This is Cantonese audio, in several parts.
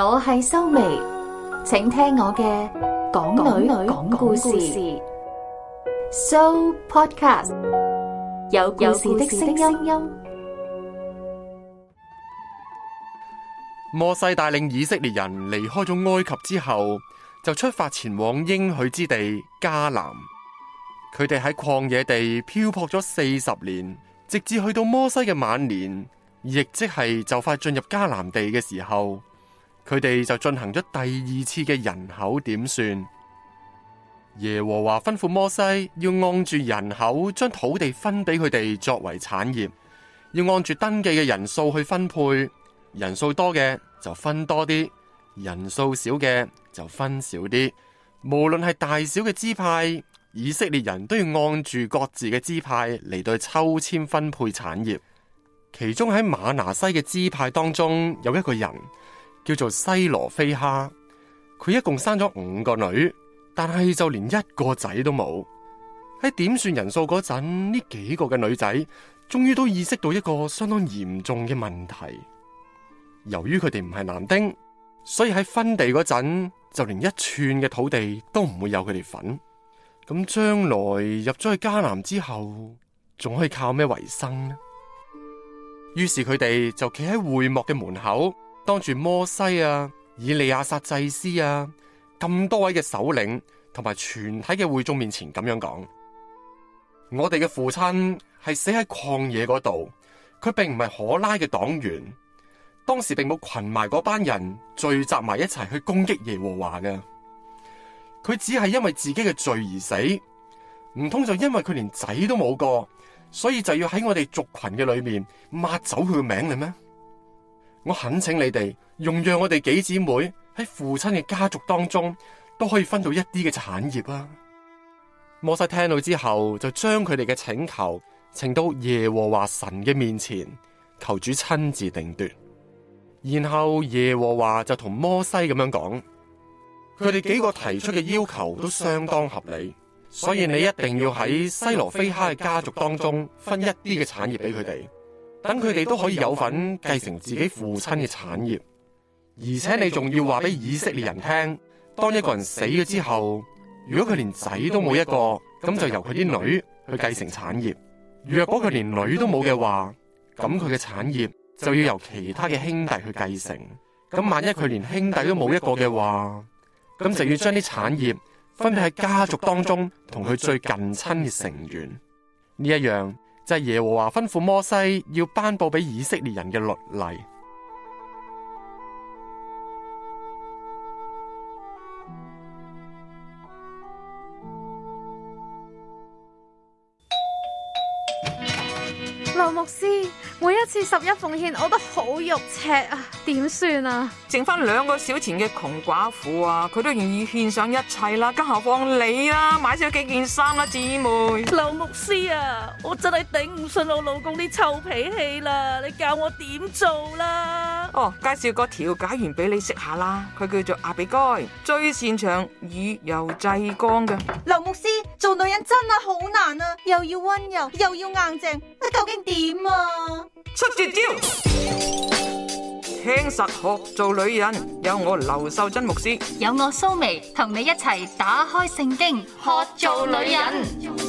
我係修眉，請聽我嘅港女講故事，港女講故事。Show podcast 有故事的聲音。音摩西帶領以色列人離開咗埃及之後，就出發前往應許之地迦南。佢哋喺曠野地漂泊咗四十年，直至去到摩西嘅晚年，亦即係就快進入迦南地嘅時候。佢哋就進行咗第二次嘅人口點算。耶和華吩咐摩西要按住人口將土地分俾佢哋作為產業，要按住登記嘅人數去分配，人數多嘅就分多啲，人數少嘅就分少啲。無論係大小嘅支派，以色列人都要按住各自嘅支派嚟，對抽籤分配產業。其中喺馬拿西嘅支派當中，有一個人。叫做西羅非哈，佢一共生咗五個女，但係就連一個仔都冇。喺點算人數嗰陣，呢幾個嘅女仔終於都意識到一個相當嚴重嘅問題：由於佢哋唔係男丁，所以喺分地嗰陣，就連一寸嘅土地都唔會有佢哋份。咁將來入咗去迦南之後，仲可以靠咩為生呢？於是佢哋就企喺會幕嘅門口。當住摩西啊、以利亞撒祭司啊咁多位嘅首領同埋全體嘅會眾面前咁樣講，我哋嘅父親係死喺曠野嗰度，佢並唔係可拉嘅黨員，當時並冇群埋嗰班人聚集埋一齊去攻擊耶和華嘅，佢只係因為自己嘅罪而死，唔通就因為佢連仔都冇過，所以就要喺我哋族群嘅裏面抹走佢嘅名嘅咩？我懇請你哋容讓我哋幾姊妹喺父親嘅家族當中都可以分到一啲嘅產業啊。摩西聽到之後，就將佢哋嘅請求呈到耶和華神嘅面前，求主親自定奪。然後耶和華就同摩西咁樣講：佢哋幾個提出嘅要求都相當合理，所以你一定要喺西羅非哈嘅家族當中分一啲嘅產業俾佢哋。等佢哋都可以有份繼承自己父親嘅產業，而且你仲要話俾以色列人聽，當一個人死咗之後，如果佢連仔都冇一個，咁就由佢啲女去繼承產業，若果佢連女都冇嘅話，咁佢嘅產業就要由其他嘅兄弟去繼承。咁萬一佢連兄弟都冇一個嘅話，咁就要將啲產業分配喺家族當中同佢最近親嘅成員呢一樣。就係耶和華吩咐摩西要頒布俾以色列人嘅律例，羅牧師。每一次十一奉獻，我都好肉赤啊！點算啊？剩翻兩個小錢嘅窮寡婦啊，佢都願意獻上一切啦，更何況你啦？買咗幾件衫啦，姊妹。劉牧師啊，我真係頂唔順我老公啲臭脾氣啦！你教我點做啦？哦，介紹個調解員俾你識下啦，佢叫做阿比該，最擅長以柔制剛嘅。劉牧師，做女人真係好難啊，又要溫柔，又要硬淨，我究竟點啊？出絕招，聽實學做女人，有我劉秀珍牧師，有我蘇眉，同你一齊打開聖經學做女人。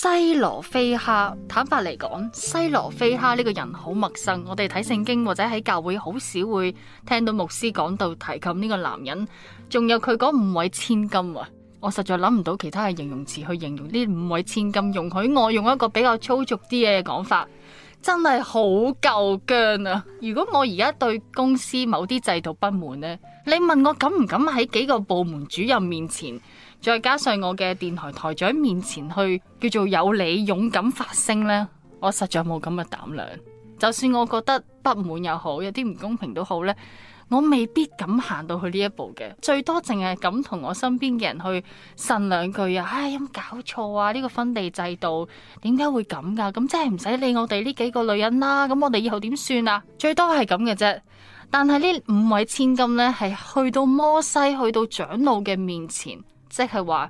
西羅非哈坦白嚟講，西羅非哈呢個人好陌生。我哋睇聖經或者喺教會好少會聽到牧師講道提及呢個男人，仲有佢嗰五位千金啊！我實在諗唔到其他嘅形容詞去形容呢五位千金。容許我用一個比較粗俗啲嘅講法，真係好夠薑啊！如果我而家對公司某啲制度不滿呢，你問我敢唔敢喺幾個部門主任面前，再加上我嘅電台台長喺面前去叫做有理勇敢發聲呢，我實在冇咁嘅膽量。就算我覺得不滿又好，有啲唔公平都好呢，我未必敢行到去呢一步嘅。最多淨係咁同我身邊嘅人去呻兩句啊，唉、哎，有冇搞錯啊？呢、這個分地制度點解會咁噶？咁即係唔使理我哋呢幾個女人啦。咁我哋以後點算啊？最多係咁嘅啫。但係呢五位千金呢，係去到摩西，去到長老嘅面前。即係話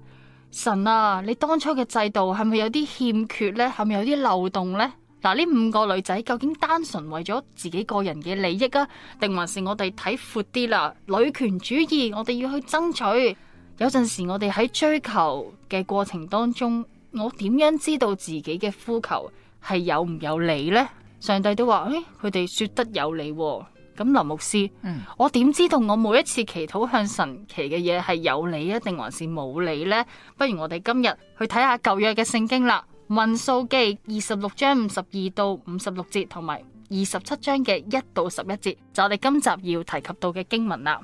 神啊，你當初嘅制度係咪有啲欠缺呢？係咪有啲漏洞呢？嗱，呢五個女仔究竟單純為咗自己個人嘅利益啊，定還是我哋睇闊啲啦，啊？女權主義，我哋要去爭取。有陣時我哋喺追求嘅過程當中，我點樣知道自己嘅呼求係有唔有理呢？上帝都話誒，佢、哎、哋說得有理哦。咁林牧師，嗯、我點知道我每一次祈禱向神祈嘅嘢係有理啊，定還是冇理呢？不如我哋今日去睇下舊約嘅聖經啦，《民數記》二十六章五十二到五十六節，同埋二十七章嘅一到十一節，就是，我哋今集要提及到嘅經文啦。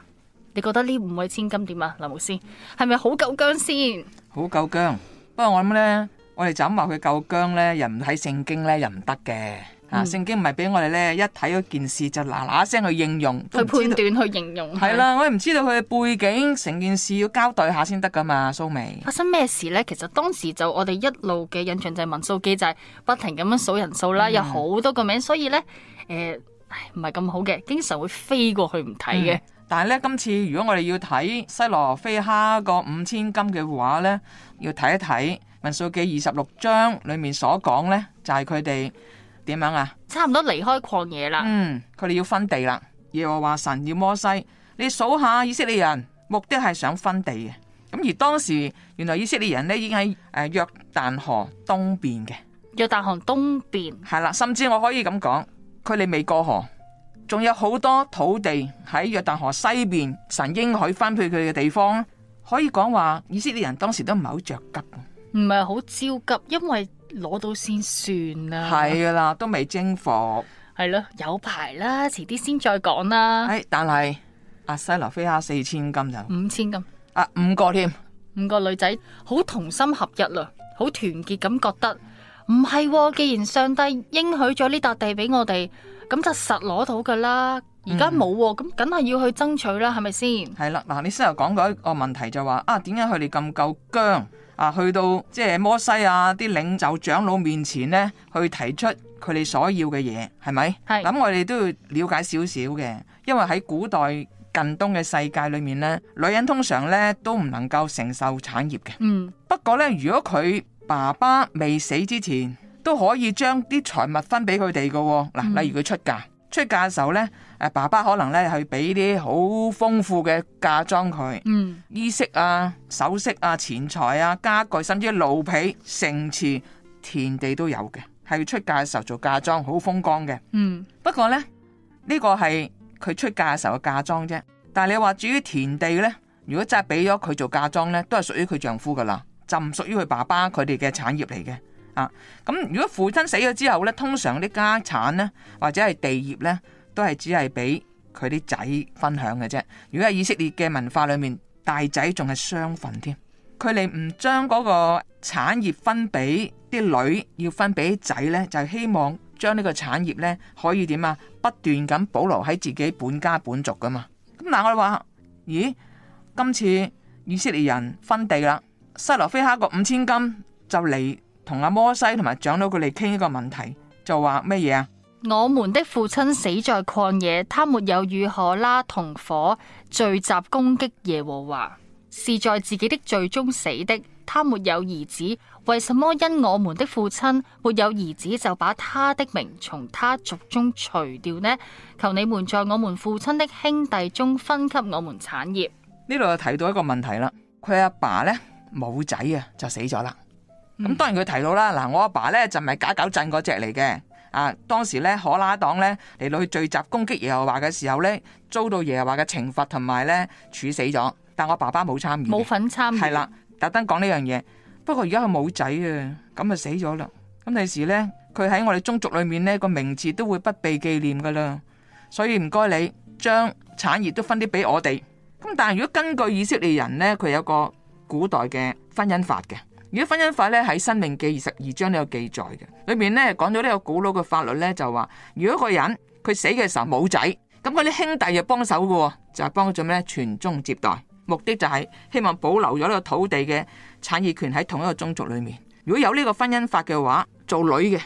你覺得呢五位千金點啊，林牧師？係咪好夠薑先？好夠薑！不過我諗呢，我哋就咁話佢夠薑呢，又唔睇聖經呢，又唔得嘅。嗱，嗯、聖經唔係俾我哋咧，一睇嗰件事就嗱嗱聲去應用去判斷去應用係啦。我哋唔知道佢嘅背景，成件事要交代下先得噶嘛。蘇眉發生咩事咧？其實當時就我哋一路嘅印象就係民數記就係、是、不停咁樣數人數啦，嗯、有好多個名，所以咧誒唔係咁好嘅，經常會飛過去唔睇嘅。但係咧，今次如果我哋要睇西羅非哈個五千金嘅話咧，要睇一睇民數記二十六章裡面所講咧，就係佢哋。點樣啊？差唔多離開曠野啦。嗯，佢哋要分地啦。耶和華神要摩西，你數下以色列人，目的係想分地嘅。咁而當時，原來以色列人呢已經喺誒約旦河東邊嘅。約旦河東邊係啦，甚至我可以咁講，佢哋未過河，仲有好多土地喺約旦河西邊，神應許分配佢嘅地方，可以講話以色列人當時都唔係好着急，唔係好焦急，因為。攞到先算啦，係噶啦，都未征服，係咯，有排啦，遲啲先再講啦。誒、哎，但係阿、啊、西羅菲亞四千金就五千金，啊五個添，五個，五個女仔好同心合一啦，好團結咁覺得，唔係，既然上帝應許咗呢笪地俾我哋，咁就實攞到噶啦。而家冇咁，梗係、嗯、要去爭取啦，係咪先？係啦，嗱，你先又講過一個問題就，就話啊，點解佢哋咁夠僵？啊，去到即係摩西啊，啲領袖長老面前呢，去提出佢哋所要嘅嘢，係咪？係咁是，我哋都要了解少少嘅，因為喺古代近東嘅世界裏面呢，女人通常呢，都唔能夠承受產業嘅。嗯，不過呢，如果佢爸爸未死之前，都可以將啲財物分俾佢哋噶。嗱，例如佢出嫁。出嫁嘅時候咧，誒，爸爸可能咧係俾啲好豐富嘅嫁妝佢，嗯，衣飾啊、首飾啊、錢財啊、家具，甚至奴婢、城池、田地都有嘅，係出嫁嘅時候做嫁妝，好風光嘅，嗯。不過咧，呢個係佢出嫁嘅時候嘅嫁妝啫。但係你話至於田地咧，如果真係俾咗佢做嫁妝咧，都係屬於佢丈夫噶啦，就唔屬於佢爸爸佢哋嘅產業嚟嘅。啊！咁如果父親死咗之後呢，通常啲家產呢，或者係地業呢，都係只係俾佢啲仔分享嘅啫。如果喺以色列嘅文化裏面，大仔仲係雙份添。佢哋唔將嗰個產業分俾啲女，要分俾仔呢，就係、是、希望將呢個產業呢，可以點啊不斷咁保留喺自己本家本族噶嘛。咁嗱，我哋話咦，今次以色列人分地啦，西羅非哈個五千金就嚟。同阿摩西同埋長老佢哋傾一個問題，就話乜嘢啊？我們的父親死在曠野，他沒有與可拉同伙聚集攻擊耶和華，是在自己的罪中死的。他沒有兒子，為什麼因我們的父親沒有兒子，就把他的名從他族中除掉呢？求你們在我們父親的兄弟中分給我們產業。呢度又提到一個問題啦，佢阿爸呢，冇仔啊，就死咗啦。咁、嗯、當然佢提到啦，嗱我阿爸咧就唔係搞搞震嗰隻嚟嘅，啊當時咧可拉黨咧嚟到去聚集攻擊耶和華嘅時候咧，遭到耶和華嘅懲罰同埋咧處死咗，但我爸爸冇參與，冇份參與，係啦，特登講呢樣嘢。不過而家佢冇仔啊，咁就死咗啦。咁第時咧，佢喺我哋宗族裏面呢個名字都會不被紀念噶啦。所以唔該你將產業都分啲俾我哋。咁但係如果根據以色列人咧，佢有個古代嘅婚姻法嘅。如果婚姻法咧喺《申命記》二十二章都有記載嘅，裏面咧講咗呢個古老嘅法律咧就話，如果個人佢死嘅時候冇仔，咁佢啲兄弟又幫手嘅，就係、是、幫佢做咩咧傳宗接代，目的就係希望保留咗呢個土地嘅產業權喺同一個宗族裏面。如果有呢、這個婚姻法嘅話，做女嘅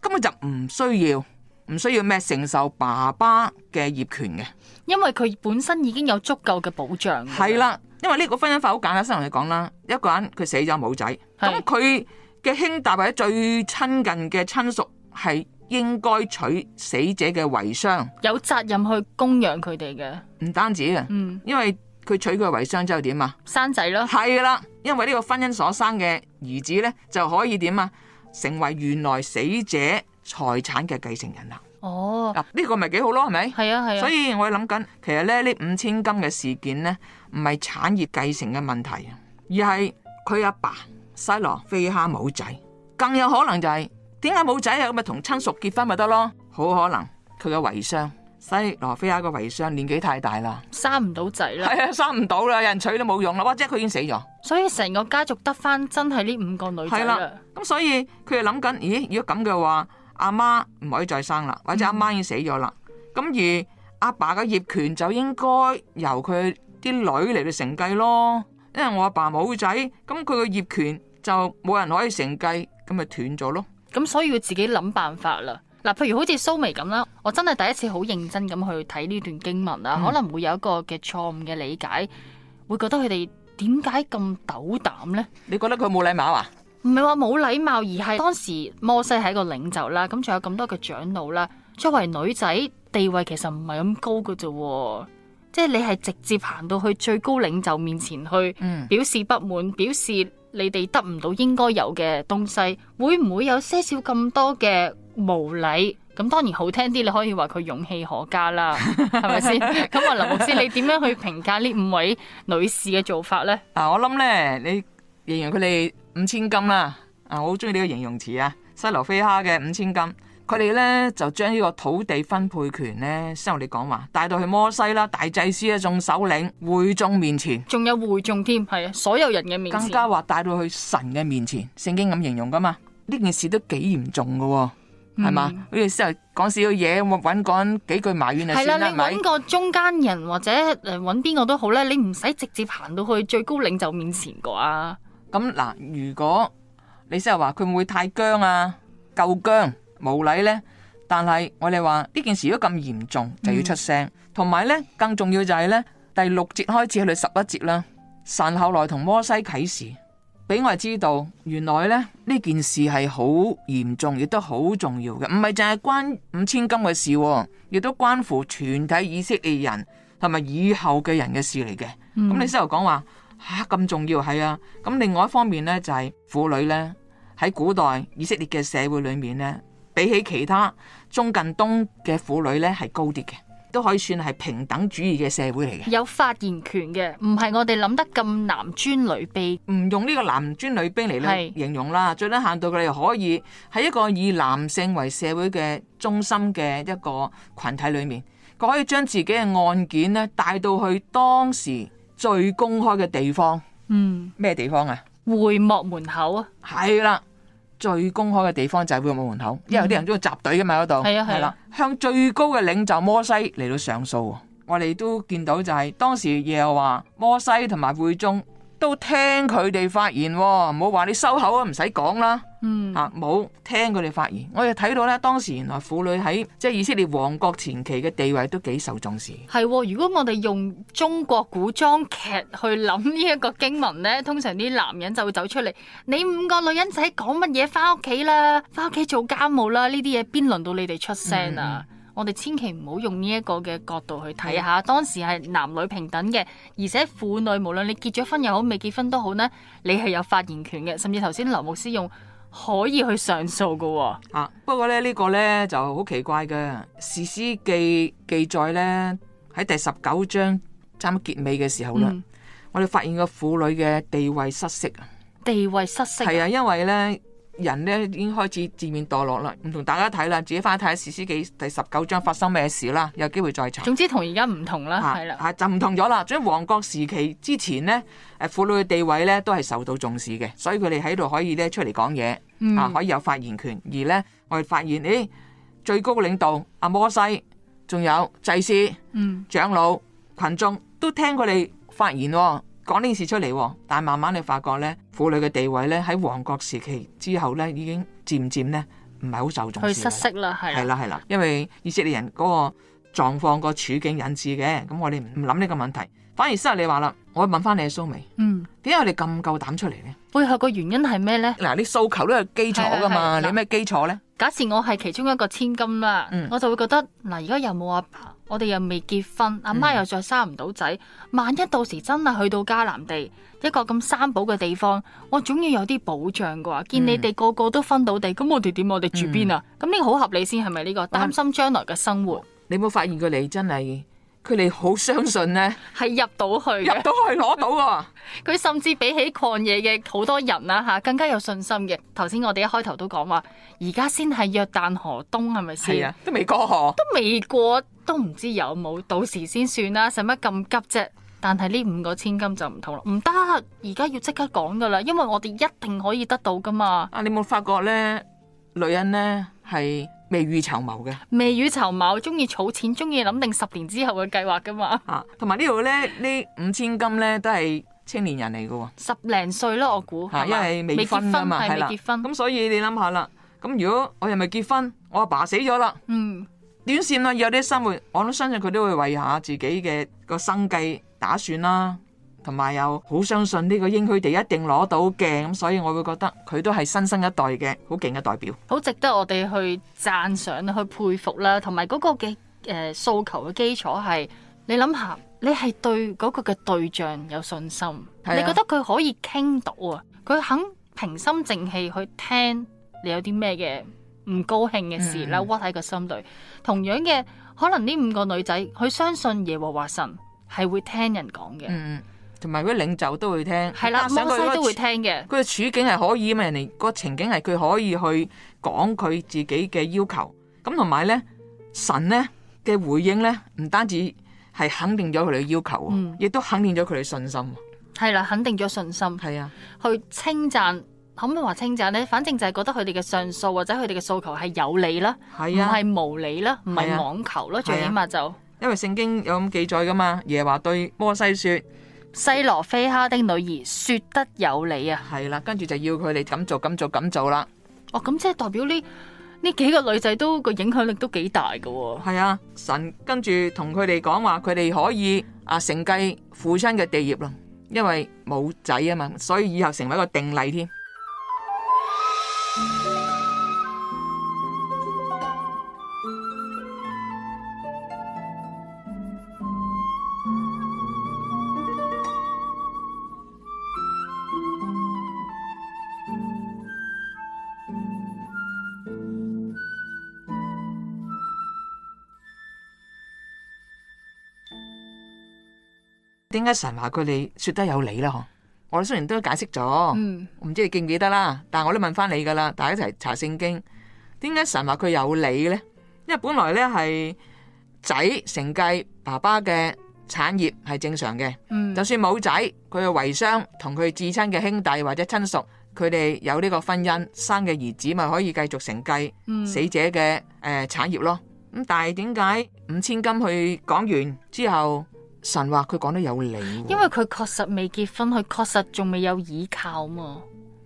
根本就唔需要唔需要咩承受爸爸嘅業權嘅，因為佢本身已經有足夠嘅保障。係啦，因為呢、這個婚姻法好簡單，先同你講啦，一個人佢死咗冇仔。咁佢嘅兄弟或者最親近嘅親屬係應該娶死者嘅遺孀，有責任去供養佢哋嘅。唔單止啊，嗯，因為佢娶佢嘅遺孀之後點啊？生仔咯，係啦。因為呢個婚姻所生嘅兒子咧，就可以點啊？成為原來死者財產嘅繼承人啦。哦，嗱呢個咪幾好咯，係咪？係啊，係啊。所以我諗緊，其實咧呢五千金嘅事件咧，唔係產業繼承嘅問題，而係佢阿爸。西羅非哈冇仔，更有可能就係點解冇仔啊？咁咪同親屬結婚咪得咯？好可能佢嘅遺孀西羅非哈嘅遺孀年紀太大啦，生唔到仔啦，係啊，生唔到啦，有人娶都冇用啦，或者佢已經死咗，所以成個家族得翻真係呢五個女嘅。咁、啊、所以佢又諗緊，咦？如果咁嘅話，阿媽唔可以再生啦，或者阿媽已經死咗啦。咁、嗯、而阿爸嘅業權就應該由佢啲女嚟到承繼咯。因為我阿爸冇仔，咁佢個業權就冇人可以承繼，咁咪斷咗咯。咁所以要自己諗辦法啦。嗱，譬如好似蘇眉咁啦，我真係第一次好認真咁去睇呢段經文啦，嗯、可能會有一個嘅錯誤嘅理解，會覺得佢哋點解咁斗膽呢？你覺得佢冇禮貌啊？唔係話冇禮貌，而係當時摩西係一個領袖啦，咁仲有咁多嘅長老啦，作為女仔地位其實唔係咁高嘅啫。即係你係直接行到去最高領袖面前去表示不滿，表示你哋得唔到應該有嘅東西，會唔會有些少咁多嘅無禮？咁當然好聽啲，你可以話佢勇氣可嘉啦，係咪先？咁啊，林牧師，你點樣去評價呢五位女士嘅做法呢？啊，我諗呢，你形容佢哋五千金啦，啊，我好鍾意呢個形容詞啊，犀牛飛蝦嘅五千金。佢哋咧就將呢個土地分配權咧，先我哋講話帶到去摩西啦，大祭司一眾首領會眾面前，仲有會眾添，係啊，所有人嘅面前更加話帶到去神嘅面前。聖經咁形容噶嘛？呢件事都幾嚴重噶、哦，係嘛、嗯？好似事係講少少嘢，我搵個人幾句埋怨你。係啦。你搵個中間人或者誒搵邊個都好咧，你唔使直接行到去最高領袖面前噶啊。咁嗱、嗯，如果你先係話佢唔會太僵啊，夠僵。無禮呢，但係我哋話呢件事如果咁嚴重就要出聲，同埋、嗯、呢，更重要就係呢第六節開始去到十一節啦。神後來同摩西啟示俾我哋知道，原來咧呢件事係好嚴重，亦都好重要嘅，唔係淨係關五千金嘅事，啊，亦都關乎全體以色列人同埋以，以後嘅人嘅事嚟嘅。咁、嗯、你先頭講話吓咁重要係啊，咁另外一方面呢，就係、是、婦女呢，喺古代以色列嘅社會裏面呢。比起其他中近東嘅婦女呢，係高啲嘅，都可以算係平等主義嘅社會嚟嘅，有發言權嘅，唔係我哋諗得咁男尊女卑，唔用呢個男尊女卑嚟形容啦。是最低限度佢哋可以喺一個以男性為社會嘅中心嘅一個群體裏面，佢可以將自己嘅案件呢帶到去當時最公開嘅地方。嗯，咩地方啊？會幕門口啊，係啦。最公開嘅地方就係會幕門口，因為有啲人都要集隊㗎嘛嗰度。係啊，係啦，向最高嘅領袖摩西嚟到上訴，我哋都見到就係當時耶和華摩西同埋會眾。都聽佢哋發言、哦，唔好話你收口啊，唔使講啦。嗯、啊，冇聽佢哋發言，我哋睇到咧，當時原來婦女喺即係以色列王國前期嘅地位都幾受重視。係、哦，如果我哋用中國古裝劇去諗呢一個經文咧，通常啲男人就會走出嚟，你五個女人仔講乜嘢？翻屋企啦，翻屋企做家務啦，呢啲嘢邊輪到你哋出聲啊？嗯我哋千祈唔好用呢一個嘅角度去睇下，當時係男女平等嘅，而且婦女無論你結咗婚又好，未結婚都好呢，你係有發言權嘅，甚至頭先劉牧師用可以去上訴嘅喎、哦。啊，不過咧呢、呢個呢就好奇怪嘅，《士師記》記載呢，喺第十九章差唔多結尾嘅時候呢，嗯、我哋發現個婦女嘅地位失色。地位失色、啊。係啊，因為呢。人咧已經開始漸面墮落啦，唔同大家睇啦，自己翻去睇《士師記》第十九章發生咩事啦，有機會再查。總之同而家唔同啦，係啦，嚇就唔同咗啦。總之，王國時期之前咧，誒婦女嘅地位咧都係受到重視嘅，所以佢哋喺度可以咧出嚟講嘢，嗯、啊可以有發言權。而咧我哋發現，咦、哎、最高嘅領導阿摩西，仲有祭司、嗯、長老、群眾都聽佢哋發言喎、哦。講呢件事出嚟，但係慢慢你發覺咧，婦女嘅地位咧喺王國時期之後咧，已經漸漸咧唔係好受重視失色啦。係啦係啦，因為以色列人嗰個狀況、個處境引致嘅。咁我哋唔諗呢個問題。反而今日你話啦，我問翻你阿蘇美，嗯，點解你咁夠膽出嚟咧？背後個原因係咩咧？嗱，你訴求都有基礎噶嘛？是是是，你有咩基礎咧？假設我係其中一個千金啦，嗯、我就會覺得嗱，而家又冇阿爸，我哋又未結婚，阿媽又再生唔到仔，嗯、萬一到時真係去到迦南地一個咁三寶嘅地方，我總要有啲保障噶喎。見你哋個個都分到地，咁、嗯、我哋點？我哋住邊啊？咁呢、嗯、個好合理先係咪？呢、這個擔心將來嘅生活。嗯、你冇發現過你真係？佢哋好相信呢係入到去，入到去攞到啊！佢 甚至比起曠野嘅好多人啦，啊，吓更加有信心嘅。頭先我哋一開頭都講話，而家先係約旦河東係咪先？係啊，都未過河，都未過都唔知有冇到時先算啦，啊，使乜咁急啫？但係呢五個千金就唔同啦，唔得，而家要即刻講噶啦，因為我哋一定可以得到噶嘛。啊，你冇發覺呢？女人呢，係。未雨綢繆嘅，未雨綢繆，中意儲錢，中意諗定十年之後嘅計劃噶嘛？吓、啊，同埋呢度咧，呢五千金咧都係青年人嚟嘅喎，十零歲咯，我估吓，吧因為未結婚噶嘛，係結婚。咁所以你諗下啦，咁如果我又咪結婚，我阿爸死咗啦，嗯，短綫咯，有啲生活，我都相信佢都會為下自己嘅個生計打算啦。同埋又好相信呢個英區，哋一定攞到嘅，咁所以我會覺得佢都係新生一代嘅好勁嘅代表，好值得我哋去讚賞、去佩服啦，同埋嗰個嘅誒訴求嘅基礎係你諗下，你係對嗰個嘅對象有信心，啊、你覺得佢可以傾到啊，佢肯平心靜氣去聽你有啲咩嘅唔高興嘅事啦，屈喺個心裏。同樣嘅可能呢五個女仔，佢相信耶和華神係會聽人講嘅。嗯。同埋嗰啲領袖都會聽係啦，摩西都會聽嘅。佢嘅處境係可以嘛？人哋個情景係佢可以去講佢自己嘅要求咁，同埋咧神咧嘅回應咧，唔單止係肯定咗佢哋嘅要求，亦、嗯、都肯定咗佢哋信心。係啦、啊，肯定咗信心係啊，去稱讚可唔可以話稱讚咧？反正就係覺得佢哋嘅上訴或者佢哋嘅訴求係有理啦、啊，唔係無理啦，唔係妄求咯。最起碼就、啊、因為聖經有咁記載噶嘛，耶華對摩西說。 西羅非哈的女兒說得有理啊，係啦，跟住就要佢哋咁做咁做咁做啦。哦，咁即係代表呢呢幾個女仔都個影響力都幾大噶。係啊，神跟住同佢哋講話，佢哋可以啊承繼父親嘅地業咯，因為冇仔啊嘛，所以以後成為一個定例添。神話佢哋說得有理啦，嗬！我雖然都解釋咗，唔、嗯、知你記唔記得啦，但係我都問翻你噶啦，大家一齊查聖經。點解神話佢有理呢？因為本來呢係仔承繼爸爸嘅產業係正常嘅，嗯、就算冇仔，佢嘅遺孀同佢至親嘅兄弟或者親屬，佢哋有呢個婚姻生嘅兒子，咪可以繼續承繼死者嘅誒、嗯呃、產業咯。咁但係點解五千金去講完之後？神話佢講得有理，哦，因為佢確實未結婚，佢確實仲未有依靠嘛，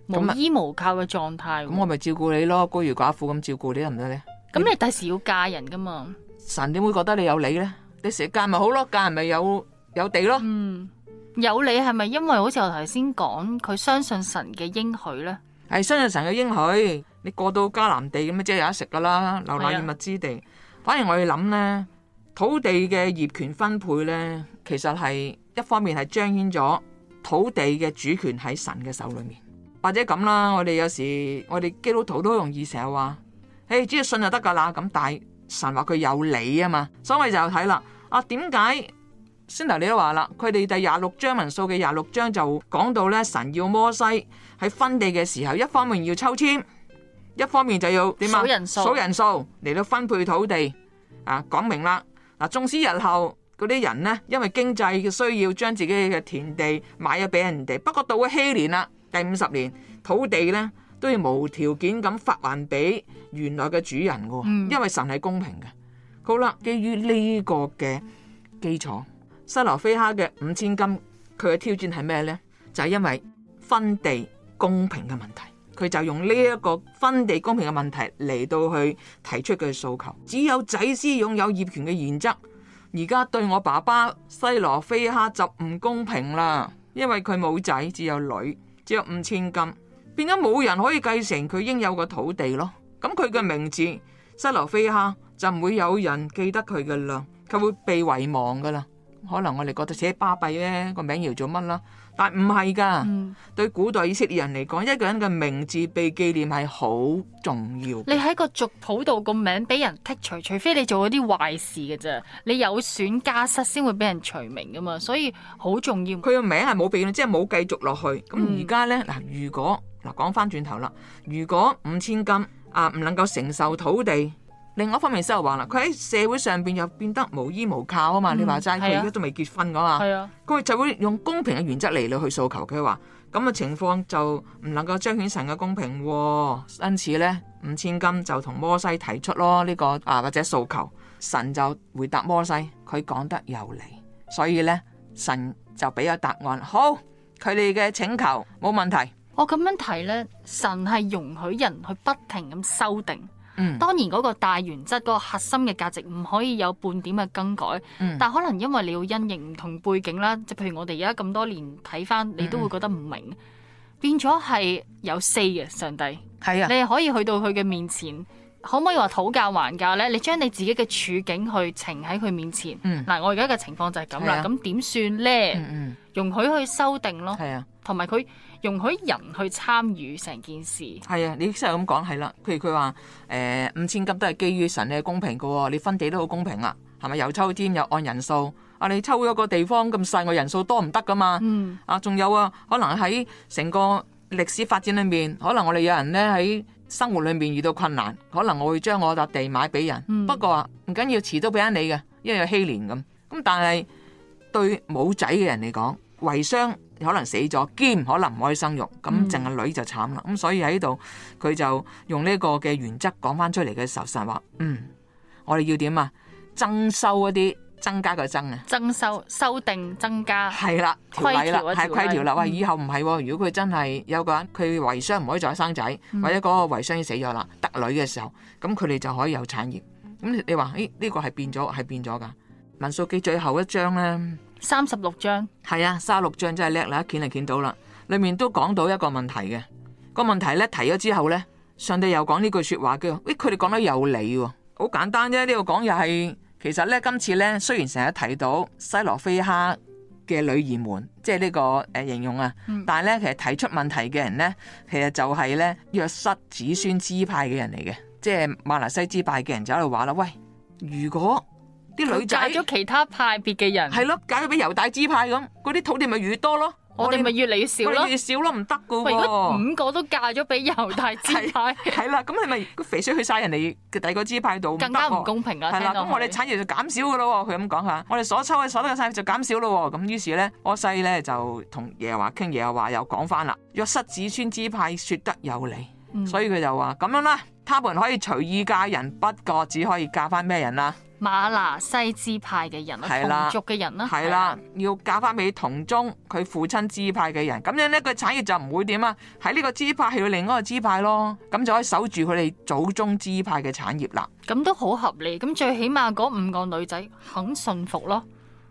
嗯、無依無靠嘅狀態。咁、嗯嗯、我咪照顧你咯，孤兒寡婦咁照顧你得唔得咧？咁、嗯、你第時要嫁人噶嘛？神點會覺得你有理咧？你成日嫁咪好咯，嫁人咪有有地咯。嗯，有理係咪因為好似我頭先講，佢相信神嘅應許咧？係、哎、相信神嘅應許，你過到迦南地咁啊，即係有得食噶啦，流奶與蜜之地。的反而我哋諗咧。土地嘅業權分配呢，其實係一方面係彰顯咗土地嘅主權喺神嘅手裏面，或者咁啦。我哋有時我哋基督徒都好容易成日話，誒只要信就得㗎啦。咁但係神話佢有理啊嘛。所以就睇啦。啊點解先頭你都話啦？佢哋第廿六章民數嘅廿六章就講到呢：「神要摩西喺分地嘅時候，一方面要抽籤，一方面就要點啊數人數嚟到分配土地啊，講明啦。嗱，縱使日後啲人咧，因為經濟嘅需要，將自己嘅田地買咗俾人哋，不過到咗禧年啦，第五十年土地咧都要無條件咁發還俾原來嘅主人嘅，因為神係公平嘅。好啦，基於呢個嘅基礎，西羅非哈嘅五千金，佢嘅挑戰係咩咧？就係、是、因為分地公平嘅問題。佢就用呢一個分地公平嘅問題嚟到去提出佢嘅訴求，只有仔先擁有業權嘅原則。而家對我爸爸西羅非哈就唔公平啦，因為佢冇仔，只有女，只有五千金，變咗冇人可以繼承佢應有嘅土地咯。咁佢嘅名字西羅非哈就唔會有人記得佢噶啦，佢會被遺忘噶啦。可能我哋覺得寫巴閉咧，個名叫做乜啦？但唔係噶，嗯、對古代以色列人嚟講，一個人嘅名字被紀念係好重要。你喺個族譜度個名俾人剔除，除非你做咗啲壞事嘅啫。你有損家室先會俾人除名噶嘛，所以好重要。佢個名係冇變，即係冇繼續落去。咁而家呢，嗱，如果嗱講翻轉頭啦，如果五千金啊唔能夠承受土地。另外一方面，先又話啦，佢喺社會上邊又變得無依無靠啊嘛！嗯、你話齋，佢而家都未結婚噶嘛？係啊，佢就會用公平嘅原則嚟到去訴求佢話，咁嘅情況就唔能夠彰顯神嘅公平。因此咧，五千金就同摩西提出咯呢、呢個啊或者訴求，神就回答摩西，佢講得有理，所以咧神就俾咗答案。好，佢哋嘅請求冇問題。我咁樣提咧，神係容許人去不停咁修訂。嗯、當然嗰個大原則、嗰、那個核心嘅價值唔可以有半點嘅更改。嗯、但可能因為你要因應唔同背景啦，即譬如我哋而家咁多年睇翻，你都會覺得唔明，嗯嗯、變咗係有四嘅上帝。係啊，你可以去到佢嘅面前，可唔可以話討價還價咧？你將你自己嘅處境去呈喺佢面前。嗱、嗯，我而家嘅情況就係咁啦。咁點算咧？嗯嗯嗯、容許去修訂咯，同埋佢。容許人去參與成件事，係啊，你即係咁講，係啦。譬如佢話，誒、呃，五千金都係基於神嘅公平噶，你分地都好公平啊，係咪？又抽籤，又按人數。啊，你抽咗個地方咁細，我人數多唔得噶嘛。嗯、啊，仲有啊，可能喺成個歷史發展裏面，可能我哋有人咧喺生活裏面遇到困難，可能我會將我笪地買俾人。嗯、不過啊，唔緊要，遲都俾翻你嘅，因為有禧年咁。咁但係對冇仔嘅人嚟講。遺孀可能死咗，兼可能唔可以生育，咁淨係女就慘啦。咁所以喺呢度佢就用呢個嘅原則講翻出嚟嘅時候，實話嗯，我哋要點啊？增收一啲，增加個增啊！增收修訂增加係啦，條例啦，係規條啦。喂，嗯、以後唔係，如果佢真係有個人佢遺孀唔可以再生仔，嗯、或者嗰個遺孀已死咗啦，得女嘅時候，咁佢哋就可以有產業。咁你話，誒呢、呢個係變咗，係變咗㗎？民數記最後一章咧。三十六章係啊，三十六章真係叻啦，見嚟見到啦，裏面都講到一個問題嘅個問題咧，提咗之後咧，上帝又講呢句話、哎、說話叫，喂，佢哋講得有理喎、哦，好簡單啫，呢個講又係其實咧，今次咧雖然成日提到西羅非哈嘅女兒們，即係呢、這個誒、呃、形容啊，嗯、但係咧其實提出問題嘅人咧，其實就係咧約瑟子孫支派嘅人嚟嘅，即係馬來西支派嘅人就喺度話啦，喂，如果。啲女仔嫁咗其他派別嘅人，係咯，嫁咗俾猶大支派咁，嗰啲土地咪越多咯，我哋咪越嚟越少咯，我越，越少咯唔得噶。如果五個都嫁咗俾猶大支派，係啦， 咁你咪肥水去晒人哋嘅第二個支派度，更加唔公平呀。係啦了，咁到我哋產業就減少噶咯。佢咁講下，我哋所抽嘅所得嘅晒就減少咯。咁於是咧，柯西咧就同耶華傾，耶華又講翻啦，若失子孫支派說得有理，嗯、所以佢就話咁樣啦，他們可以隨意嫁人，人不過只可以嫁翻咩人啦。馬拿西支派嘅人，的同族嘅人啦，係啦的，的要嫁翻俾同宗佢父親支派嘅人，咁的樣呢個產業就唔會點啊，喺呢個支派去到另一個支派咯，咁就可以守住佢哋祖宗支派嘅產業啦。咁都好合理，咁最起碼嗰五個女仔肯信服咯，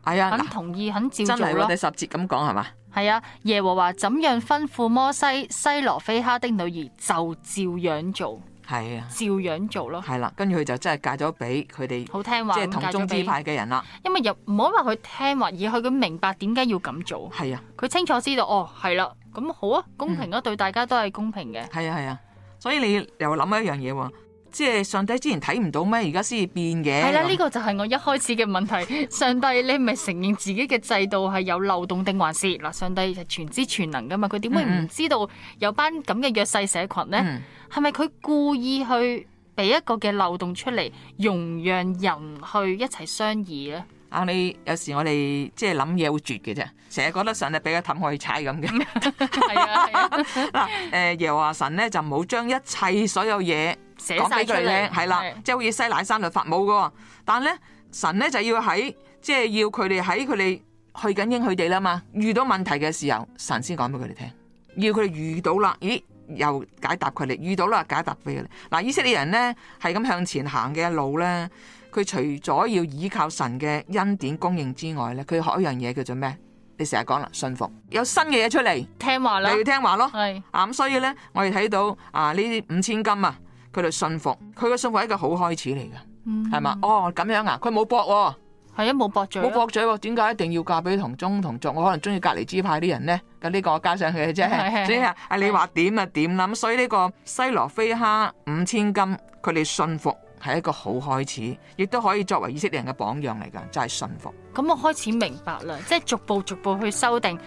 係啊、哎呀，肯同意，肯照做咯。第、啊、十節咁講係嘛？係啊，耶和華怎樣吩咐摩西，西，西羅非哈的女兒就照樣做。係啊，照樣做咯。係啦、啊，跟住佢就真係嫁咗俾佢哋，即係同宗支派嘅人啦。因為又唔好話佢聽話，而佢佢明白點解要咁做。係啊，佢清楚知道哦，係啦、啊，咁好啊，公平咯、啊，嗯、對大家都係公平嘅。係啊，係啊，所以你又諗一樣嘢喎。即係上帝之前睇唔到咩？而家先至變嘅。係啦的，呢個就係我一開始嘅問題。 上帝，你唔係承認自己嘅制度係有漏洞定還是嗱？上帝係全知全能噶嘛？佢點會唔知道有班咁嘅弱勢社群咧？係咪佢故意去俾一個嘅漏洞出嚟，容讓人去一齊商議咧？啊，你有時我哋即係諗嘢會絕嘅啫，成日覺得上帝俾個氹我去踩咁嘅。係 啊， 係啊。嗱，誒、 呃，耶和華神咧就唔好將一切所有嘢。講俾佢聽，係啦，即係好似西乃山律法冇噶，但係咧神咧就要喺即係要佢哋喺佢哋去緊應佢哋啦嘛。遇到問題嘅時候，神先講俾佢哋聽，要佢哋遇到啦，咦，又解答佢哋；遇到啦，解答俾佢哋。嗱，以色列人咧係咁向前行嘅路咧，佢除咗要依靠神嘅恩典供應之外咧，佢學一樣嘢叫做咩？你成日講啦，信服。有新嘅嘢出嚟，聽話咯，又要聽話咯。係咁、嗯，所以咧我哋睇到啊呢啲五千金啊。佢哋信服，佢嘅信服係一個好開始嚟嘅，係嘛、嗯？哦咁樣啊，佢冇駁，係啊冇駁嘴，冇駁嘴，點解一定要嫁俾同宗同族？我可能中意隔離支派啲人咧，咁、這、呢個我加上佢嘅啫。的所以啊，的你話點啊點啦？咁的所以呢個西羅非哈五千金，佢哋信服係一個好開始，亦都可以作為以色列人嘅榜樣嚟噶，就係、是、信服。咁我開始明白啦，即、就、係、是、逐步逐步去修訂，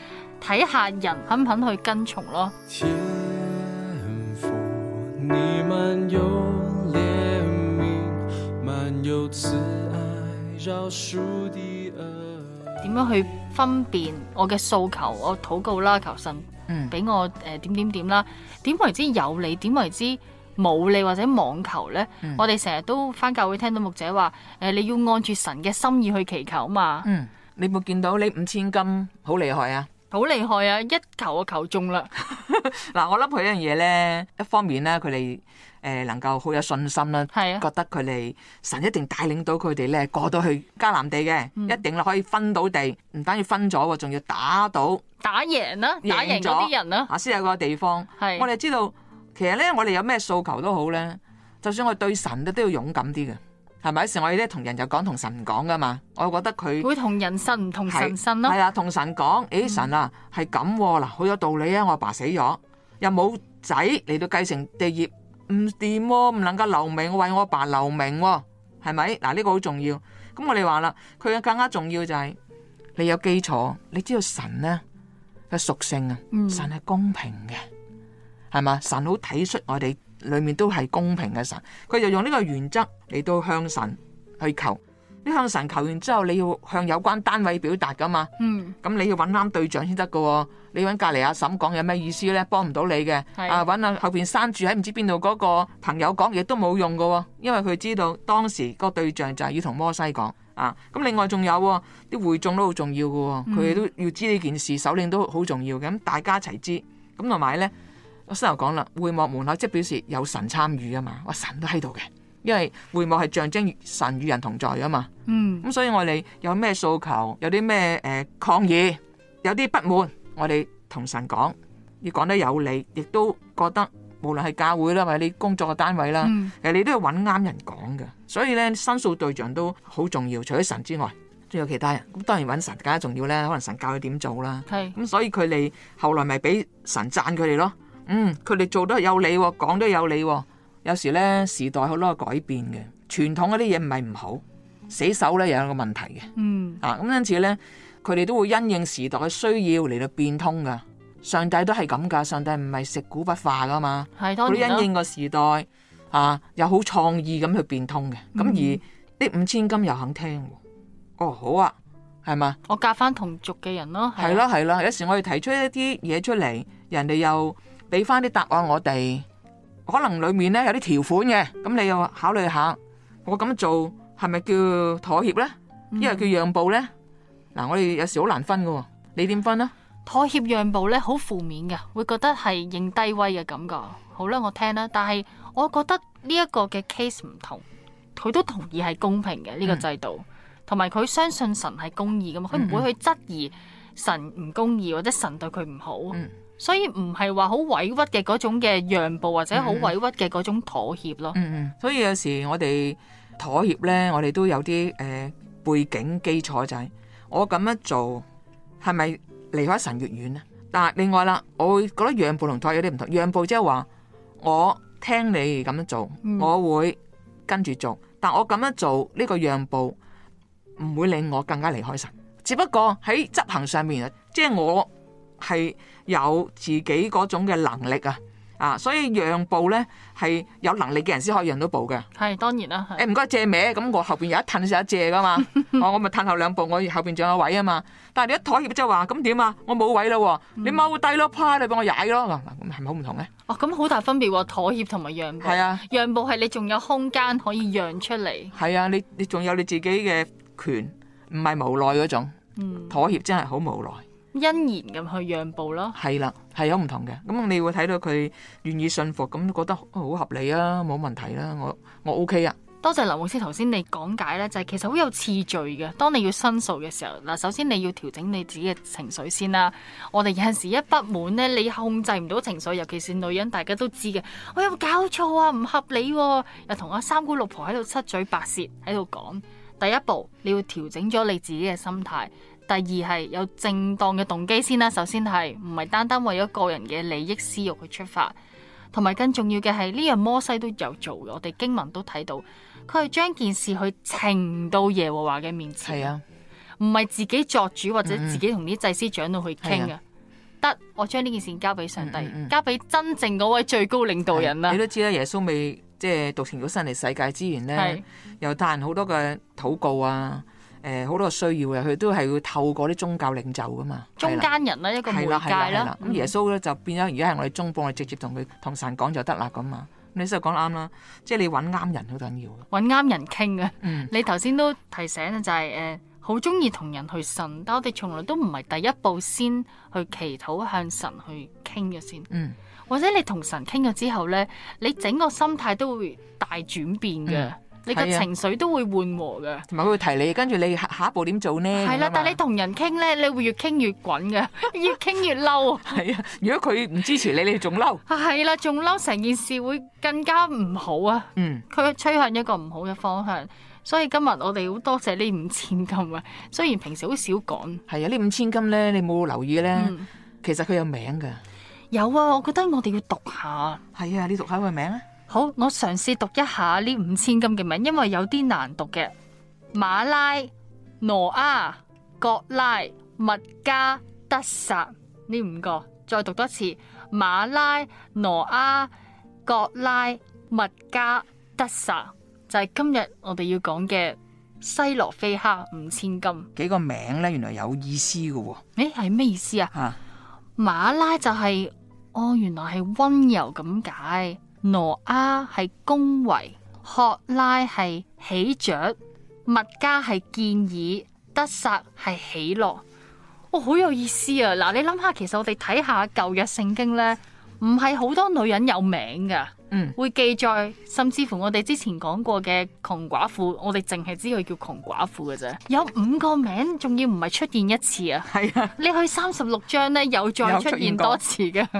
睇下人肯唔肯去跟從咯。點樣去分辨我嘅訴求？我禱告啦，求神，嗯，俾我誒點點點啦？點為之有你？點為之冇你？或者妄求咧？我哋成日都返教會聽到牧者話：誒，你要按住神嘅心意去祈求嘛。嗯，你冇見到你五千金好厲害啊！好厲害啊！一球就球中啦！嗱， 我諗佢一樣嘢咧，一方面咧，佢哋誒能夠好有信心啦，係啊，覺得佢哋神一定帶領到佢哋咧過到去迦南地嘅，嗯、一定可以分到地，唔單止分咗，仲要打到，打贏啦，打贏咗啲人啦，啊，先了、啊、有個地方。係是，我哋知道，其實咧，我哋有咩訴求都好咧，就算我對神咧都要勇敢啲嘅。係咪？有時我哋咧同人就講，同神講噶嘛？我覺得佢會同人神同神神咯。係啊，同神講，誒、欸，神啊，係咁嗱，好有道理啊！我阿爸死咗，又冇仔嚟到繼承地業，唔掂、啊，唔能夠留名。我為我阿爸留名、啊，係咪？嗱、啊，呢、這個好重要。咁我哋話啦，佢更加重要就係、是、你有基礎，你知道神咧嘅屬性啊，嗯、神係公平嘅，係嘛？神好體恤我哋。裏面都係公平嘅神，佢就用呢個原則嚟到向神去求。你向神求完之後，你要向有關單位表達噶嘛？嗯，咁你要揾啱對象先得噶。你揾隔離阿嬸講有咩意思咧？幫唔到你嘅。的啊，揾下後邊山住喺唔知邊度嗰個朋友講，嘢都冇用噶、哦。因為佢知道當時個對象就係要同摩西講。啊，咁另外仲有啲、哦、會眾都好重要噶、哦，佢哋、嗯、都要知呢件事，首領都好重要嘅，咁大家一齊知。咁同埋咧。我先頭講啦，會幕門口即係表示有神參與啊嘛。哇，神都喺度嘅，因為會幕係象徵神與人同在啊嘛。嗯，咁所以我哋有咩訴求，有啲咩誒抗議，有啲不滿，我哋同神講，要講得有理，亦都覺得無論係教會啦，或者你工作嘅單位啦，其實你都要揾啱人講嘅。所以咧，申訴對象都好重要。除咗神之外，仲有其他人。咁當然揾神更加重要咧。可能神教佢點做啦。係咁，所以佢哋後來咪俾神讚佢哋咯。嗯，佢哋做得有理，講得有理。有時咧，時代好多改變嘅，傳統嗰啲嘢唔係唔好。死守咧，有一個問題嘅。嗯，啊，咁因此咧，佢哋都會因應時代嘅需要嚟到變通噶。上帝都係咁噶，上帝唔係食古不化噶嘛，佢因應個時代，啊，又好創意咁去變通嘅。咁而啲五千金又肯聽，哦，好啊，係嘛？我夾翻同族嘅人咯，係啦係啦，有時我要提出一啲嘢出嚟，人哋又。俾翻啲答案我哋，可能裏面咧有啲條款嘅，咁你又考慮下，我咁做係咪叫妥協呢？一係叫讓步呢？嗱，我哋有時好難分㗎，你點分呢？妥協讓步呢，好負面㗎，會覺得係認低威嘅感覺。好啦，我聽啦，但係我覺得呢一個嘅 case 唔同，佢都同意係公平嘅呢個制度，同埋佢相信神係公義㗎嘛，佢唔會去質疑神唔公義或者神對佢唔好。所以唔係話好委屈嘅嗰種嘅讓步或者好委屈嘅嗰種妥協咯，嗯嗯。所以有時我哋妥協呢，我哋都有啲誒、呃、背景基礎就係、是、我咁樣做係咪離開神越遠咧？但係另外啦，我會覺得讓步同妥協有啲唔同。讓步即係話我聽你咁樣做，我會跟住做。嗯、但我咁樣做呢個讓步唔會令我更加離開神，只不過喺執行上面即係、就是、我。係有自己嗰種嘅能力啊，啊，所以讓步咧係有能力嘅人先可以讓到步嘅。係當然啦。誒，唔該借歪，咁我後邊有一褪就一借噶嘛。我我咪褪後兩步，我後邊仲有位啊嘛。但係你一妥協即係話，咁點啊？我冇位啦，你踎低咯，趴你幫我踩咯。嗱咁係咪好唔同咧？哦，咁好大分別喎，妥協同埋讓步。係啊，讓步係你仲有空間可以讓出嚟。係啊，你你仲有你自己嘅權，唔係無奈嗰種。嗯，妥協真係好無奈。欣然咁去讓步咯，係啦，係有唔同嘅。咁你會睇到佢願意信服，咁覺得好合理啊，冇問題啦。我我 OK 啊。多謝劉老師頭先你講解呢，就係其實好有次序嘅。當你要申訴嘅時候，嗱，首先你要調整你自己嘅情緒先啦。我哋有陣時一不滿呢，你控制唔到情緒，尤其是女人，大家都知嘅。我有冇搞錯啊？唔合理喎！又同阿三姑六婆喺度七嘴八舌喺度講。第一步你要調整咗你自己嘅心態。第二係有正當嘅動機先啦、啊，首先係唔係單單為咗個人嘅利益私欲去出發，同埋更重要嘅係呢樣摩西都有做，我哋經文都睇到，佢係將件事去呈到耶和華嘅面前，唔係、啊、自己作主或者自己同啲祭司長度去傾嘅，得、啊、我將呢件事交俾上帝，啊啊、交俾真正嗰位最高領導人啦、啊。你都知啦，耶穌未即係道成咗身嚟世界之前咧，又彈好多嘅禱告啊。誒，好多需要嘅，佢都係會透過啲宗教領袖噶嘛，中間人啦，一個媒介啦。咁耶穌咧就變咗，而家係我哋中，幫我直接同佢同神講就得啦咁嘛，你先講啱啦，即係你搵啱人好緊要。搵啱人傾啊！嗯、你頭先都提醒咧、就是，就係誒，好中意同人去神，但我哋從來都唔係第一步先去祈禱向神去傾嘅先。嗯、或者你同神傾咗之後咧，你整個心態都會大轉變嘅。嗯你嘅情緒都會緩和嘅，同埋佢會提你，跟住你下一步點做呢？係啦，但係你同人傾咧，你會越傾越滾嘅，越傾越嬲。係啊， 如果佢唔支持你，你仲嬲。係啦，仲嬲，成件事會更加唔好啊。嗯，佢趨向一個唔好嘅方向。所以今日我哋好多謝呢五千金啊！雖然平時好少講。係啊，呢五千金咧，你冇留意咧，嗯、其實佢有名嘅。有啊，我覺得我哋要讀下。係啊，你讀下佢嘅名啊。好，我嘗試讀一下呢五千金嘅名，因為有啲難讀嘅。馬拉、挪阿、曷拉、密迦、得撒呢五個，再讀多一次。馬拉、挪阿、曷拉、密迦、得撒就係、是、今日我哋要講嘅西羅非哈五千金幾個名咧，原來有意思嘅、哦。誒，係咩意思啊？啊馬拉就係、是、哦，原來係溫柔咁解。挪亞係恭維，荷拉係喜鵲，物加係建議，得撒係喜樂。哦，好有意思啊！嗱，你諗下，其實我哋睇下舊約聖經咧，唔係好多女人有名噶，嗯，會記載，甚至乎我哋之前講過嘅窮寡婦，我哋淨係知佢叫窮寡婦嘅啫。有五個名，仲要唔係出現一次啊？係啊，你去三十六章咧，又再出現多次嘅。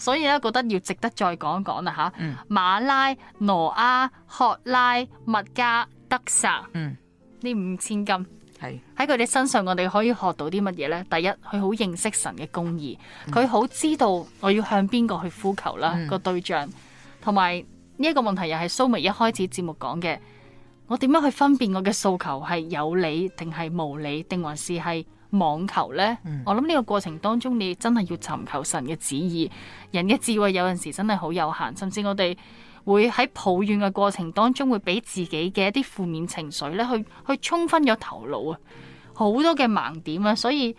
所以咧，覺得要值得再講一講啦嚇。嗯、馬拉、挪阿、赫拉、麥加、德撒，呢、嗯、五千金，喺佢哋身上，我哋可以學到啲乜嘢咧？第一，佢好認識神嘅公義，佢好知道我要向邊個去呼求啦，個對象。同埋呢一個問題，又係蘇眉一開始節目講嘅，我點樣去分辨我嘅訴求係有理定係無理，定還是係？網球呢，嗯，我諗呢個過程當中，你真係要尋求神嘅旨意。人嘅智慧有陣時真係好有限，甚至我哋會喺抱怨嘅過程當中，會俾自己嘅一啲負面情緒呢，去去衝昏咗頭腦啊，好多嘅盲點啊，所以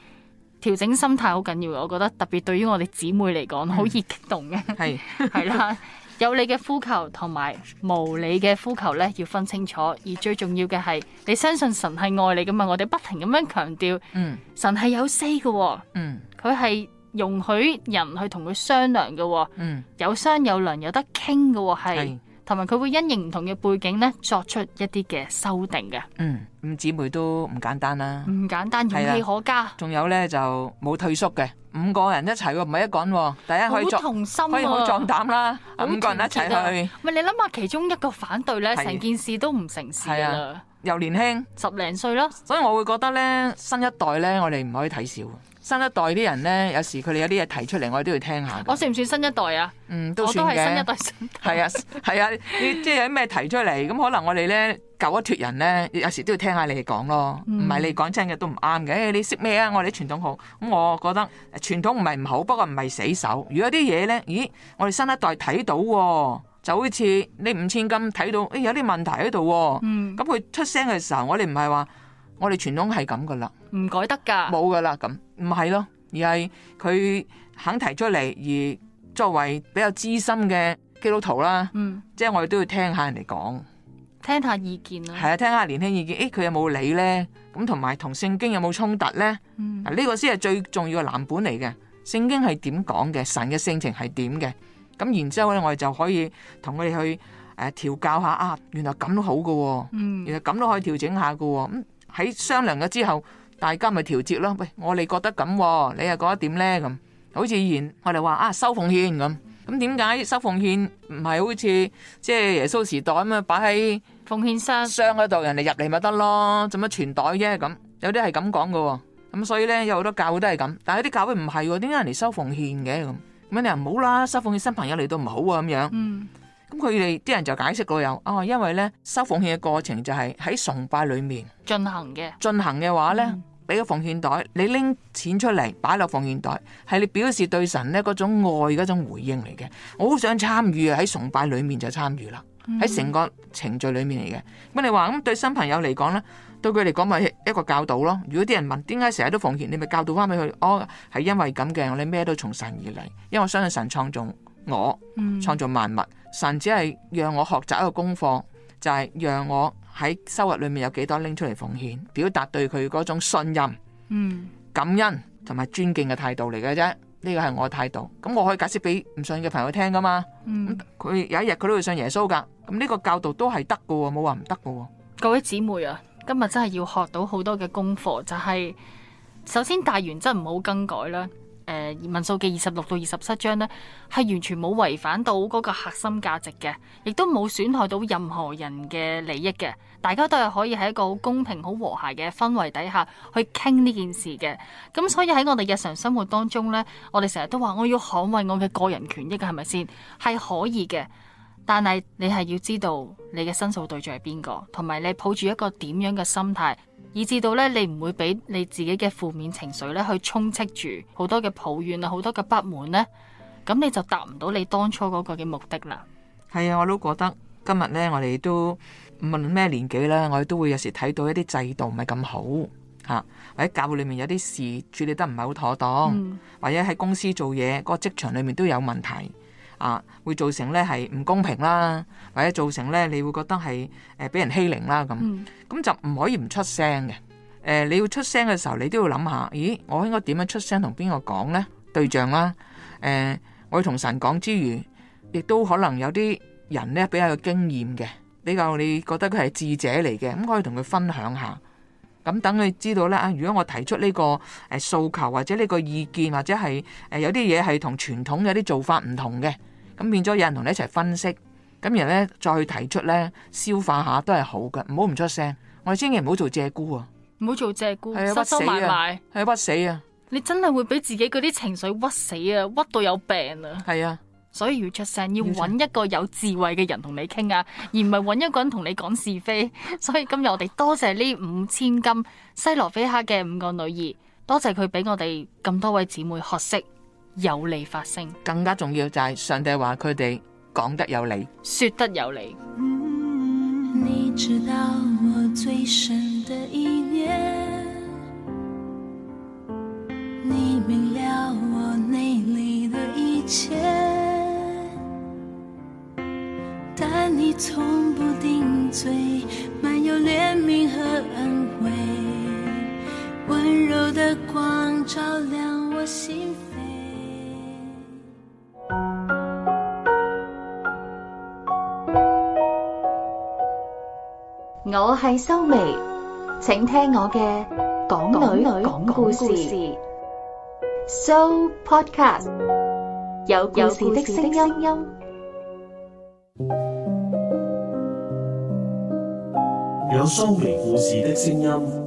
調整心態好緊要。我覺得特別對於我哋姊妹嚟講，好易激動嘅，係係啦。 是 有你嘅呼求同埋無你嘅呼求咧，要分清楚。而最重要嘅係，你相信神係愛你噶嘛？我哋不停咁樣強調，嗯、神係有 say 嘅，哦，佢係、嗯、容許人去同佢商量嘅，哦，嗯、有商有量，有得傾嘅係。同埋佢會因應唔同嘅背景咧，作出一啲嘅修訂嘅。嗯，五姊妹都唔簡單啦，唔簡單，勇氣可嘉。仲有咧就冇退縮嘅，五個人一齊喎，唔係一個人，第一可以同心，可以好壯膽啦，五個人一齊去。咪你諗下，其中一個反對咧，成件事都唔成事啦。又年輕，十零歲咯，所以我會覺得咧，新一代咧，我哋唔可以睇小。新一代啲人咧，有時佢哋有啲嘢提出嚟，我哋都要聽下。我算唔算新一代啊？嗯，都算嘅。我都係新一代。係 啊，係啊，啊你即係有啲咩提出嚟？咁、嗯、可能我哋咧舊一脱人咧，有時都要聽下你哋講咯。唔係你講真嘅都唔啱嘅。你識咩啊？我哋傳統好。咁、嗯、我覺得傳統唔係唔好，不過唔係死守。如果啲嘢咧，咦，我哋新一代睇到、哦，就好似你五千金睇到，誒、哎、有啲問題喺度。嗯。咁佢、嗯、出聲嘅時候，我哋唔係話。我哋傳統係咁噶啦，唔改得噶，冇噶啦咁，唔係咯，而係佢肯提出嚟，而作為比較資深嘅基督徒啦，嗯，即係我哋都要聽下人哋講，聽下意見啦，係啊，聽下年輕意見，誒，佢有冇理咧？咁同埋同聖經有冇衝突咧？呢個先係最重要嘅藍本嚟嘅，聖經係點講嘅，神嘅性情係點嘅？咁然之後咧，我哋就可以同佢哋去誒，調教下啊，原來咁都好噶喎，原來咁都可以調整下噶喎。喺商量咗之後，大家咪調節咯。喂，我哋覺得咁，你又覺得點咧？咁好似以前我哋話啊收奉獻咁，咁點解收奉獻唔係好似即係耶穌時代咁啊？擺喺奉獻箱箱嗰度，人哋入嚟咪得咯，做乜傳袋啫？咁有啲係咁講嘅，咁所以咧有好多教會都係咁，但係啲教會唔係點解人哋收奉獻嘅咁？咁樣你話唔好啦，收奉獻新朋友嚟到唔好啊咁樣。咁佢哋啲人就解釋過有哦，因為咧收奉獻嘅過程就係喺崇拜裏面進行嘅。進行嘅話咧，俾、嗯、個奉獻袋，你拎錢出嚟擺落奉獻袋，係你表示對神咧嗰種愛嗰種回應嚟嘅。我好想參與喺崇拜裏面就參與啦，喺成、嗯、個程序裏面嚟嘅。咁你話咁對新朋友嚟講咧，對佢嚟講咪一個教導咯。如果啲人問點解成日都奉獻，你咪教導翻俾佢。哦，係因為咁嘅，我哋咩都從神而嚟，因為我相信神創造我，創造萬物，嗯。神只係讓我學習一個功課，就係、是、讓我喺收入裏面有幾多拎出嚟奉獻，表達對佢嗰種信任、嗯、感恩同埋尊敬嘅態度嚟嘅啫。呢個係我嘅態度，咁我可以解釋俾唔信嘅朋友聽噶嘛。佢、嗯、有一日佢都會信耶穌噶，咁呢個教導都係得噶喎，冇話唔得噶喎。各位姊妹啊，今日真係要學到好多嘅功課，就係、是、首先大原則唔好更改啦。誒，民數記二十六到二十七章呢，係完全冇違反到嗰個核心價值嘅，亦都冇損害到任何人嘅利益嘅，大家都係可以喺一個好公平、好和諧嘅氛圍底下，去傾呢件事嘅。咁所以喺我哋日常生活當中呢，我哋成日都話我要捍衛我嘅個人權益嘅，係咪先？係可以嘅。但係你係要知道你嘅申訴對象係邊個，同埋你抱住一個點樣嘅心態，以至到咧你唔會俾你自己嘅負面情緒咧去充斥住好多嘅抱怨啊，好多嘅不滿呢，咁你就達唔到你當初嗰個嘅目的啦。係啊，我都覺得今日呢，我哋都唔論咩年紀咧，我哋都會有時睇到一啲制度唔係咁好吓，或者教會裏面有啲事處理得唔係好妥當，嗯、或者喺公司做嘢嗰個職場裏面都有問題。啊，會造成咧係唔公平啦，或者造成咧你會覺得係誒俾人欺凌啦咁，咁、嗯、就唔可以唔出聲嘅。誒、呃，你要出聲嘅時候，你都要諗下，咦，我應該點樣出聲同邊個講咧？對象啦，誒、呃，我要同神講之餘，亦都可能有啲人咧比較有經驗嘅，比較你覺得佢係智者嚟嘅，咁可以同佢分享下。咁、嗯、等佢知道咧，啊，如果我提出呢個誒訴求或者呢個意見或者係誒有啲嘢係同傳統有啲做法唔同嘅。咁變咗有人同你一齊分析，咁然後咧再去提出咧消化下都係好噶唔好唔出聲。我哋千祈唔好做借估啊，唔好做借估，收收埋埋，係屈死啊！你真係會俾自己嗰啲情緒屈死啊，屈到有病啊！係啊，所以要出聲，要揾一個有智慧嘅人同你傾啊，而唔係揾一個人同你講是非。所以今日我哋多謝呢五千金西羅非哈嘅五個女兒，多謝佢俾我哋咁多位姊妹學識。有理發聲，更加重要就係上帝話佢哋講得有理，說得有理。我係修眉，請聽我嘅港女講故事，Show Podcast 有故事的聲音，有修眉故事的聲音。